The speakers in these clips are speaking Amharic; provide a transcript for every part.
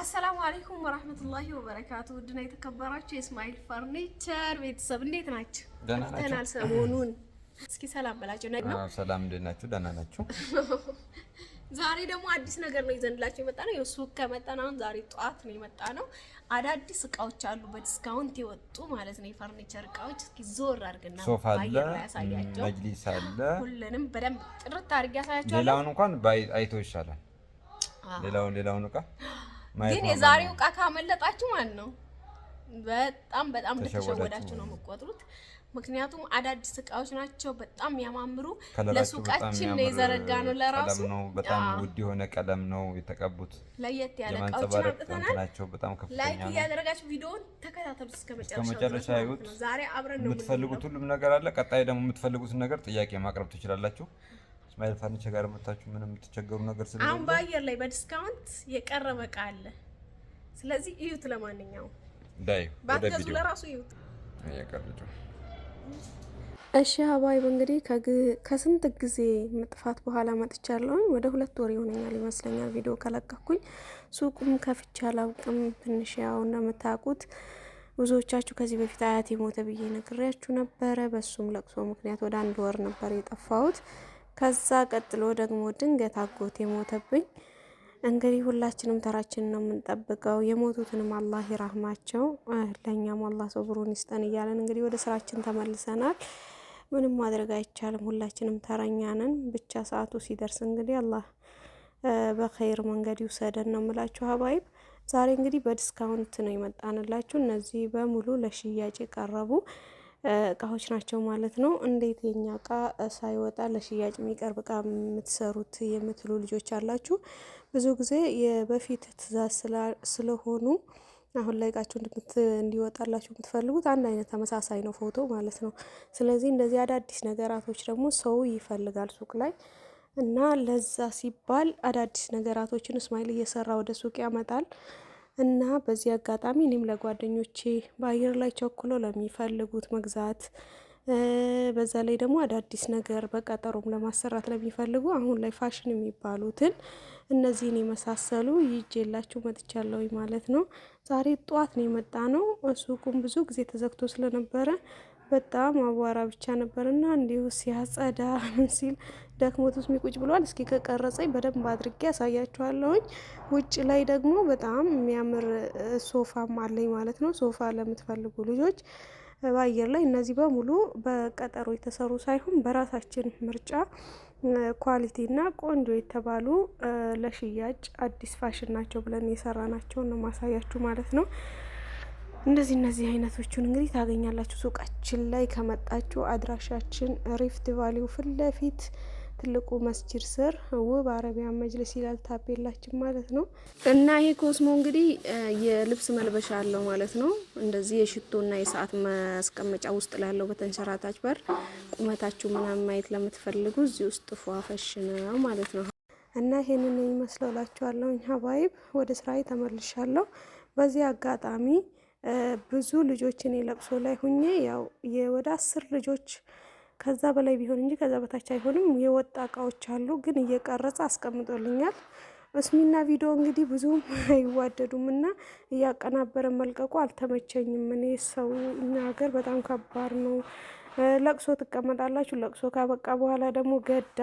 አሰላሙ አለይኩም ወራህመቱላሂ ወበረካቱ። ውድና የተከበራችሁ የእስማኤል ፈርኒቸር ቤተሰብ እንዴት ናችሁ? ተናል ሰሞኑን እስኪ ሰላም በላቸው ነው። ሰላም እንዴት ናችሁ? ደህና ናችሁ? ዛሬ ደግሞ አዲስ ነገር ነው ይዘንላችሁ የመጣ ነው። የሱቅ ከመጣን አሁን ዛሬ ጠዋት ነው የመጣ ነው። አዳዲስ እቃዎች አሉ በዲስካውንት የወጡ ማለት ነው የፈርኒቸር እቃዎች። እስኪ ዞር አድርግና ሶፋ አለ፣ መጅሊስ አለ። ሁሉንም በደንብ ጥርት አድርጌ ያሳያቸዋለሁ። ሌላውን እንኳን አይቶ ይሻላል። ሌላውን ሌላውን እቃ ግን የዛሬው ዕቃ ካመለጣችሁ ማለት ነው በጣም በጣም እንደተሸወዳችሁ ነው የምቆጥሩት። ምክንያቱም አዳዲስ እቃዎች ናቸው፣ በጣም ያማምሩ። ለሱቃችን ነው የዘረጋነው። ለራሱ በጣም ውድ የሆነ ቀለም ነው የተቀቡት። ለየት ያለ እቃዎችን አምጥተናል። ላይክ እያደረጋችሁ ቪዲዮውን ተከታተሉት እስከመጨረሻ ይሁት። ዛሬ አብረን ነው የምትፈልጉት፣ ሁሉም ነገር አለ። ቀጣይ ደግሞ የምትፈልጉትን ነገር ጥያቄ ማቅረብ ትችላላችሁ። ፈርኒቸር ጋር መታችሁ ምንም የምትቸገሩ ነገር ስለሌለ አሁን በአየር ላይ በዲስካውንት የቀረበ እቃ አለ። ስለዚህ እዩት። ለማንኛውም ዳይ ባትገዙ ለራሱ እዩት። እያቀርጡ እሺ ሀባይብ እንግዲህ ከስንት ጊዜ መጥፋት በኋላ መጥቻለሁ። ወደ ሁለት ወር ይሆነኛል ይመስለኛል ቪዲዮ ከለቀኩኝ። ሱቁም ከፍቼ አላውቅም። ትንሽ ያው እንደምታውቁት ብዙዎቻችሁ ከዚህ በፊት አያቴ ሞተ ብዬ ነግሬያችሁ ነበረ። በሱም ለቅሶ ምክንያት ወደ አንድ ወር ነበር የጠፋሁት። ከዛ ቀጥሎ ደግሞ ድንገት አጎቴ ሞተብኝ። እንግዲህ ሁላችንም ተራችን ነው የምንጠብቀው። የሞቱትንም አላህ ይራህማቸው፣ ለእኛም አላህ ብሩን ይስጠን እያለን እንግዲህ ወደ ስራችን ተመልሰናል። ምንም ማድረግ አይቻልም። ሁላችንም ተረኛ ነን። ብቻ ሰዓቱ ሲደርስ እንግዲህ አላህ በኸይር መንገድ ይውሰደን ነው የምላችሁ ሀባይብ። ዛሬ እንግዲህ በዲስካውንት ነው የመጣንላችሁ። እነዚህ በሙሉ ለሽያጭ የቀረቡ እቃዎች ናቸው ማለት ነው። እንዴት የኛ እቃ ሳይወጣ ለሽያጭ የሚቀርብ እቃ የምትሰሩት የምትሉ ልጆች አላችሁ። ብዙ ጊዜ የበፊት ትእዛዝ ስለሆኑ አሁን ላይ እቃችሁ እንዲወጣላችሁ የምትፈልጉት አንድ አይነት ተመሳሳይ ነው ፎቶ ማለት ነው። ስለዚህ እንደዚህ አዳዲስ ነገራቶች ደግሞ ሰው ይፈልጋል ሱቅ ላይ እና ለዛ ሲባል አዳዲስ ነገራቶችን እስማኤል እየሰራ ወደ ሱቅ ያመጣል። እና በዚህ አጋጣሚ እኔም ለጓደኞቼ በአየር ላይ ቸኩሎ ለሚፈልጉት መግዛት በዛ ላይ ደግሞ አዳዲስ ነገር በቀጠሮም ለማሰራት ለሚፈልጉ አሁን ላይ ፋሽን የሚባሉትን እነዚህን የመሳሰሉ ይዤላችሁ መጥቻለሁ ማለት ነው። ዛሬ ጠዋት ነው የመጣ ነው። ሱቁም ብዙ ጊዜ ተዘግቶ ስለነበረ በጣም አቧራ ብቻ ነበር እና እንዲሁ ሲያጸዳ ምን ሲል ደክሞት ውስጥ ሚቁጭ ብሏል። እስኪ ከቀረጸኝ በደንብ አድርጌ ያሳያችኋለሁኝ። ውጭ ላይ ደግሞ በጣም የሚያምር ሶፋም አለኝ ማለት ነው። ሶፋ ለምትፈልጉ ልጆች በአየር ላይ እነዚህ በሙሉ በቀጠሮ የተሰሩ ሳይሆን በራሳችን ምርጫ ኳሊቲ እና ቆንጆ የተባሉ ለሽያጭ አዲስ ፋሽን ናቸው ብለን የሰራናቸውን ነው ማሳያችሁ ማለት ነው። እንደዚህ እነዚህ አይነቶቹን እንግዲህ ታገኛላችሁ ሱቃችን ላይ ከመጣችሁ። አድራሻችን ሪፍት ቫሊው ፊት ለፊት ትልቁ መስጂድ ስር ውብ አረቢያን መጅልስ ይላል ታቤላችን ማለት ነው። እና ይሄ ኮስሞ እንግዲህ የልብስ መልበሻ አለው ማለት ነው። እንደዚህ የሽቶ የሽቶና የሰዓት ማስቀመጫ ውስጥ ላለው በተንሸራታች በር ቁመታችሁ ምናምን ማየት ለምትፈልጉ እዚህ ውስጥ ፏፈሽ ነው ማለት ነው። እና ይሄንን የሚመስለው ላችኋለሁ። ሀባይብ ወደ ስራዬ ተመልሻለሁ። በዚህ አጋጣሚ ብዙ ልጆች እኔ ለቅሶ ላይ ሁኜ ያው የወደ አስር ልጆች ከዛ በላይ ቢሆን እንጂ ከዛ በታች አይሆንም። የወጣ እቃዎች አሉ ግን እየቀረጸ አስቀምጦልኛል። እስሚና ቪዲዮ እንግዲህ ብዙም አይዋደዱም እና እያቀናበረ መልቀቁ አልተመቸኝም። እኔ ሰው እኛ ሀገር በጣም ከባድ ነው። ለቅሶ ትቀመጣላችሁ። ለቅሶ ካበቃ በኋላ ደግሞ ገዳ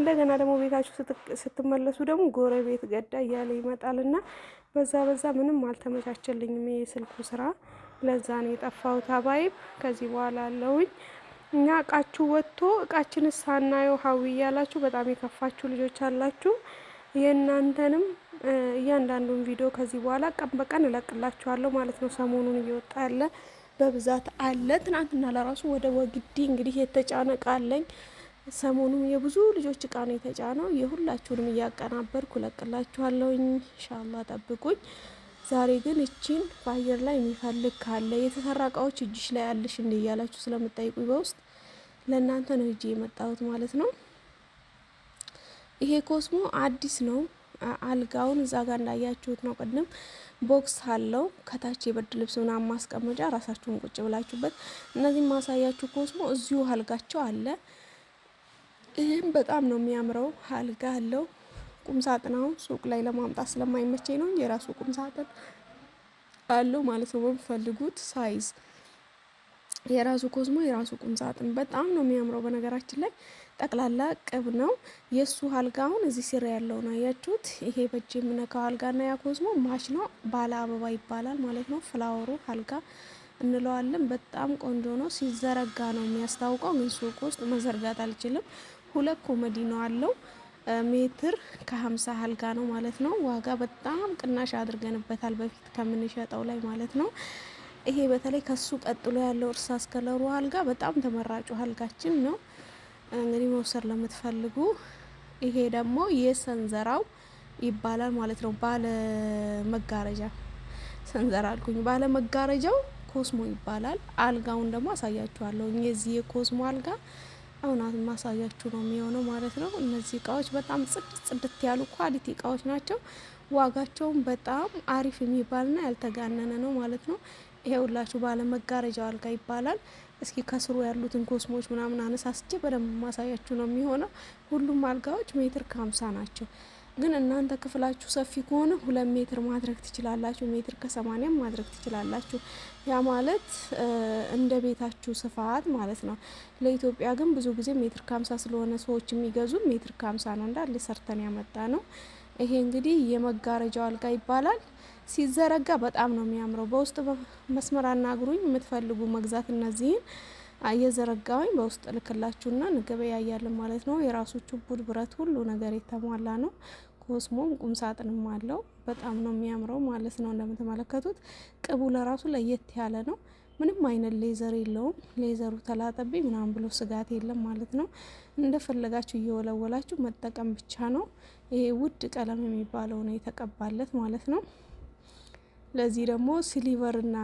እንደገና ደግሞ ቤታችሁ ስትመለሱ ደግሞ ጎረቤት ገዳ እያለ ይመጣልና በዛ በዛ ምንም አልተመቻቸልኝም የስልኩ ስራ። ለዛ ነው የጠፋሁት ሀባይብ። ከዚህ በኋላ አለውኝ እኛ እቃችሁ ወጥቶ እቃችንስ ሳናየው ሀዊ እያላችሁ በጣም የከፋችሁ ልጆች አላችሁ። የእናንተንም እያንዳንዱን ቪዲዮ ከዚህ በኋላ ቀን በቀን እለቅላችኋለሁ ማለት ነው። ሰሞኑን እየወጣ ያለ በብዛት አለ። ትናንትና ለራሱ ወደ ወግዲ እንግዲህ የተጫነ እቃ አለኝ ሰሞኑም የብዙ ልጆች እቃ ነው የተጫነው። የሁላችሁንም እያቀናበርኩ እለቅላችኋለሁ። ኢንሻላ ጠብቁኝ። ዛሬ ግን እቺን በአየር ላይ የሚፈልግ ካለ የተሰራ እቃዎች እጅሽ ላይ አለሽ እንዲ እያላችሁ ስለምጠይቁ በውስጥ ለእናንተ ነው እጅ የመጣሁት ማለት ነው። ይሄ ኮስሞ አዲስ ነው። አልጋውን እዛ ጋር እንዳያችሁት ነው። ቅድም ቦክስ አለው ከታች የብርድ ልብስ ምናምን ማስቀመጫ ራሳችሁን ቁጭ ብላችሁበት። እነዚህ ማሳያችሁ ኮስሞ እዚሁ አልጋቸው አለ። ይህም በጣም ነው የሚያምረው። አልጋ አለው። ቁም ሳጥን አሁን ሱቅ ላይ ለማምጣት ስለማይመቸኝ ነው የራሱ ቁም ሳጥን አለው ማለት ነው። በሚፈልጉት ሳይዝ የራሱ ኮዝሞ የራሱ ቁም ሳጥን በጣም ነው የሚያምረው። በነገራችን ላይ ጠቅላላ ቅብ ነው የእሱ አልጋ። አሁን እዚህ ሲራ ነው አያችሁት? ይሄ በእጅ የምነካው አልጋና ያ ኮዝሞ ማች ነው። ባለ አበባ ይባላል ማለት ነው። ፍላወሩ አልጋ እንለዋለን። በጣም ቆንጆ ነው። ሲዘረጋ ነው የሚያስታውቀው። ግን ሱቅ ውስጥ መዘርጋት አልችልም። ሁለት ኮሜዲ ነው አለው። ሜትር ከ50 አልጋ ነው ማለት ነው። ዋጋ በጣም ቅናሽ አድርገንበታል በፊት ከምንሸጠው ላይ ማለት ነው። ይሄ በተለይ ከሱ ቀጥሎ ያለው እርሳስ ከለሩ አልጋ በጣም ተመራጩ አልጋችን ነው። እንግዲህ መውሰድ ለምትፈልጉ ይሄ ደግሞ የሰንዘራው ይባላል ማለት ነው። ባለ መጋረጃ ሰንዘራ አልኩኝ። ባለ መጋረጃው ኮስሞ ይባላል። አልጋውን ደግሞ አሳያችኋለሁ። የዚህ የኮስሞ አልጋ አሁናት ማሳያችሁ ነው የሚሆነው ማለት ነው። እነዚህ እቃዎች በጣም ጽድት ጽድት ያሉ ኳሊቲ እቃዎች ናቸው። ዋጋቸውም በጣም አሪፍ የሚባልና ያልተጋነነ ነው ማለት ነው። ይሄ ሁላችሁ ባለ መጋረጃው አልጋ ይባላል። እስኪ ከስሩ ያሉትን ኮስሞች ምናምን አነሳስቼ በደንብ ማሳያችሁ ነው የሚሆነው። ሁሉም አልጋዎች ሜትር ከሀምሳ ናቸው። ግን እናንተ ክፍላችሁ ሰፊ ከሆነ ሁለት ሜትር ማድረግ ትችላላችሁ። ሜትር ከሰማንያም ማድረግ ትችላላችሁ። ያ ማለት እንደ ቤታችሁ ስፋት ማለት ነው። ለኢትዮጵያ ግን ብዙ ጊዜ ሜትር ከሀምሳ ስለሆነ ሰዎች የሚገዙ ሜትር ከሀምሳ ነው እንዳለ ሰርተን ያመጣ ነው። ይሄ እንግዲህ የመጋረጃው አልጋ ይባላል። ሲዘረጋ በጣም ነው የሚያምረው። በውስጥ መስመር አናግሩኝ የምትፈልጉ መግዛት እነዚህን እየዘረጋውኝ በውስጥ ልክላችሁና እንገበያያለን ማለት ነው። የራሱ ችቡድ ብረት፣ ሁሉ ነገር የተሟላ ነው። ኮስሞም ቁም ሳጥንም አለው። በጣም ነው የሚያምረው ማለት ነው። እንደምትመለከቱት ቅቡ ለራሱ ለየት ያለ ነው። ምንም አይነት ሌዘር የለውም። ሌዘሩ ተላጠብኝ ምናምን ብሎ ስጋት የለም ማለት ነው። እንደፈለጋችሁ እየወለወላችሁ መጠቀም ብቻ ነው። ይሄ ውድ ቀለም የሚባለው ነው የተቀባለት ማለት ነው። ለዚህ ደግሞ ሲሊቨርና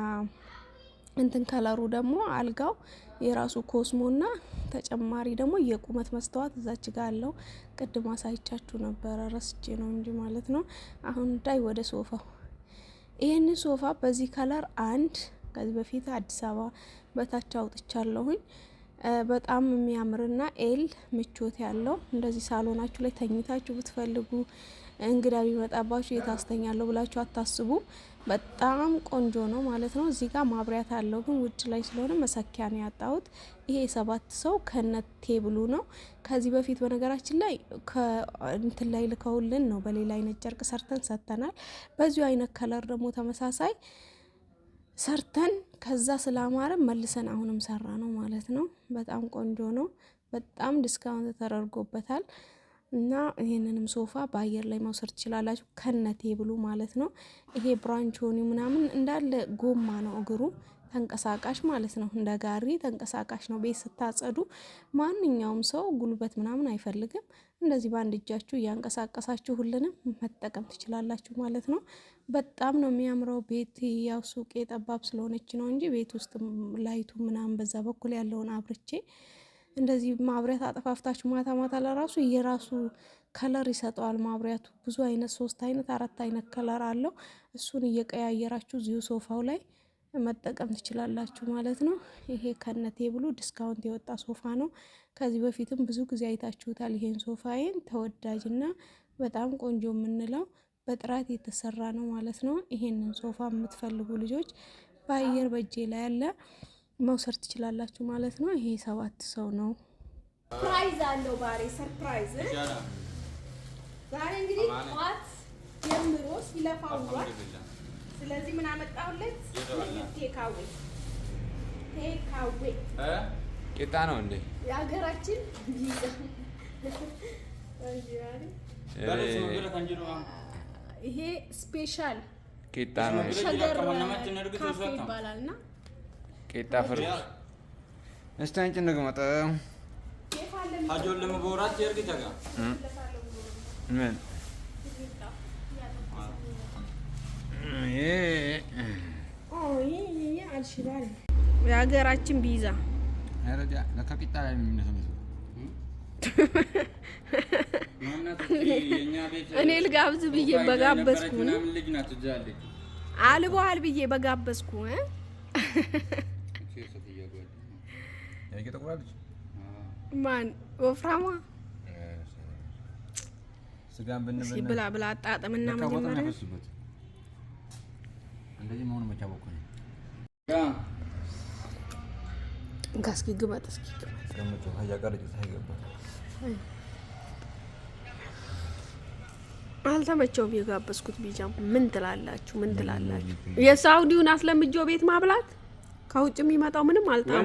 እንትን ከለሩ ደግሞ አልጋው የራሱ ኮስሞ እና ተጨማሪ ደግሞ የቁመት መስተዋት እዛች ጋ አለው። ቅድም አሳይቻችሁ ነበረ ረስቼ ነው እንጂ ማለት ነው። አሁን ዳይ ወደ ሶፋው ይህን ሶፋ በዚህ ከለር አንድ ከዚህ በፊት አዲስ አበባ በታች አውጥቻለሁኝ። በጣም የሚያምርና ኤል ምቾት ያለው እንደዚህ ሳሎናችሁ ላይ ተኝታችሁ ብትፈልጉ እንግዳ ቢመጣባችሁ የታስተኛለሁ ብላችሁ አታስቡ። በጣም ቆንጆ ነው ማለት ነው። እዚህ ጋር ማብሪያት አለው ግን ውጭ ላይ ስለሆነ መሰኪያ ነው ያጣሁት። ይሄ ሰባት ሰው ከነ ቴብሉ ነው። ከዚህ በፊት በነገራችን ላይ እንትን ላይ ልከውልን ነው በሌላ አይነት ጨርቅ ሰርተን ሰጥተናል። በዚሁ አይነት ከለር ደግሞ ተመሳሳይ ሰርተን ከዛ ስላማረ መልሰን አሁንም ሰራ ነው ማለት ነው። በጣም ቆንጆ ነው። በጣም ዲስካውንት ተደርጎበታል። እና ይህንንም ሶፋ በአየር ላይ መውሰድ ትችላላችሁ፣ ከነ ቴብሉ ማለት ነው። ይሄ ብራንቾኒ ምናምን እንዳለ ጎማ ነው እግሩ ተንቀሳቃሽ ማለት ነው። እንደ ጋሪ ተንቀሳቃሽ ነው። ቤት ስታጸዱ ማንኛውም ሰው ጉልበት ምናምን አይፈልግም። እንደዚህ በአንድ እጃችሁ እያንቀሳቀሳችሁ ሁሉንም መጠቀም ትችላላችሁ ማለት ነው። በጣም ነው የሚያምረው ቤት። ያው ሱቅ ጠባብ ስለሆነች ነው እንጂ ቤት ውስጥ ላይቱ ምናምን በዛ በኩል ያለውን አብርቼ እንደዚህ ማብሪያት አጠፋፍታችሁ ማታ ማታ ለራሱ የራሱ ከለር ይሰጠዋል። ማብሪያቱ ብዙ አይነት ሶስት አይነት አራት አይነት ከለር አለው። እሱን እየቀያየራችሁ እዚሁ ሶፋው ላይ መጠቀም ትችላላችሁ ማለት ነው። ይሄ ከነቴ ብሉ ዲስካውንት የወጣ ሶፋ ነው። ከዚህ በፊትም ብዙ ጊዜ አይታችሁታል። ይሄን ሶፋዬን ተወዳጅና በጣም ቆንጆ የምንለው በጥራት የተሰራ ነው ማለት ነው። ይሄንን ሶፋ የምትፈልጉ ልጆች በአየር በእጄ ላይ ያለ መውሰድ ትችላላችሁ ማለት ነው። ይሄ ሰባት ሰው ነው። ሰርፕራይዝ አለው ባሬ ሰርፕራይዝ ዛሬ እንግዲህ ጠዋት ጀምሮ ሲለፋውሏል። ስለዚህ ምን አመጣሁለት? ቴካዌ ቴካዌ ቂጣ ነው እንዴ? የሀገራችን ይሄ ስፔሻል ቂጣ ነው። ሸገር ካፌ ይባላል እና ቄጣ ፍርጉ እስቲ አንቺ ንግመጠ ምን የሀገራችን ቢዛ እኔ ልጋብዝ ብዬ በጋበዝኩ አልበዋል ብዬ በጋበዝኩ ያየ ጠቁራ ማን ወፍራማ ስጋን ብንበላ ብላ ብላ አጣጥምና መጀመሪያ እንደዚህ መሆኑ መቻ በኩል እስኪ ግመጥ እስኪ ቀምጡ ሀያ ቀረጭ ሳይገባ አልተመቸውም። የጋበዝኩት ቢጃም ምን ትላላችሁ? ምን ትላላችሁ? የሳውዲውን አስለምጆ ቤት ማብላት ከውጭ የሚመጣው ምንም አልጣሙ።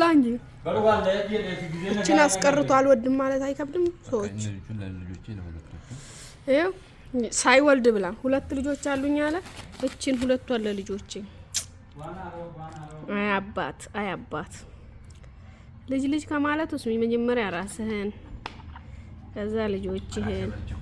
ዳንጂ እችን አስቀርቶ አልወድም ማለት አይከብድም። ሰዎች ሳይወልድ ብላ ሁለት ልጆች አሉኝ አለ። እችን ሁለቷን ለልጆቼ አያባት አያባት ልጅ ልጅ ከማለት ውስጥ መጀመሪያ ራስህን ከዛ ልጆችህን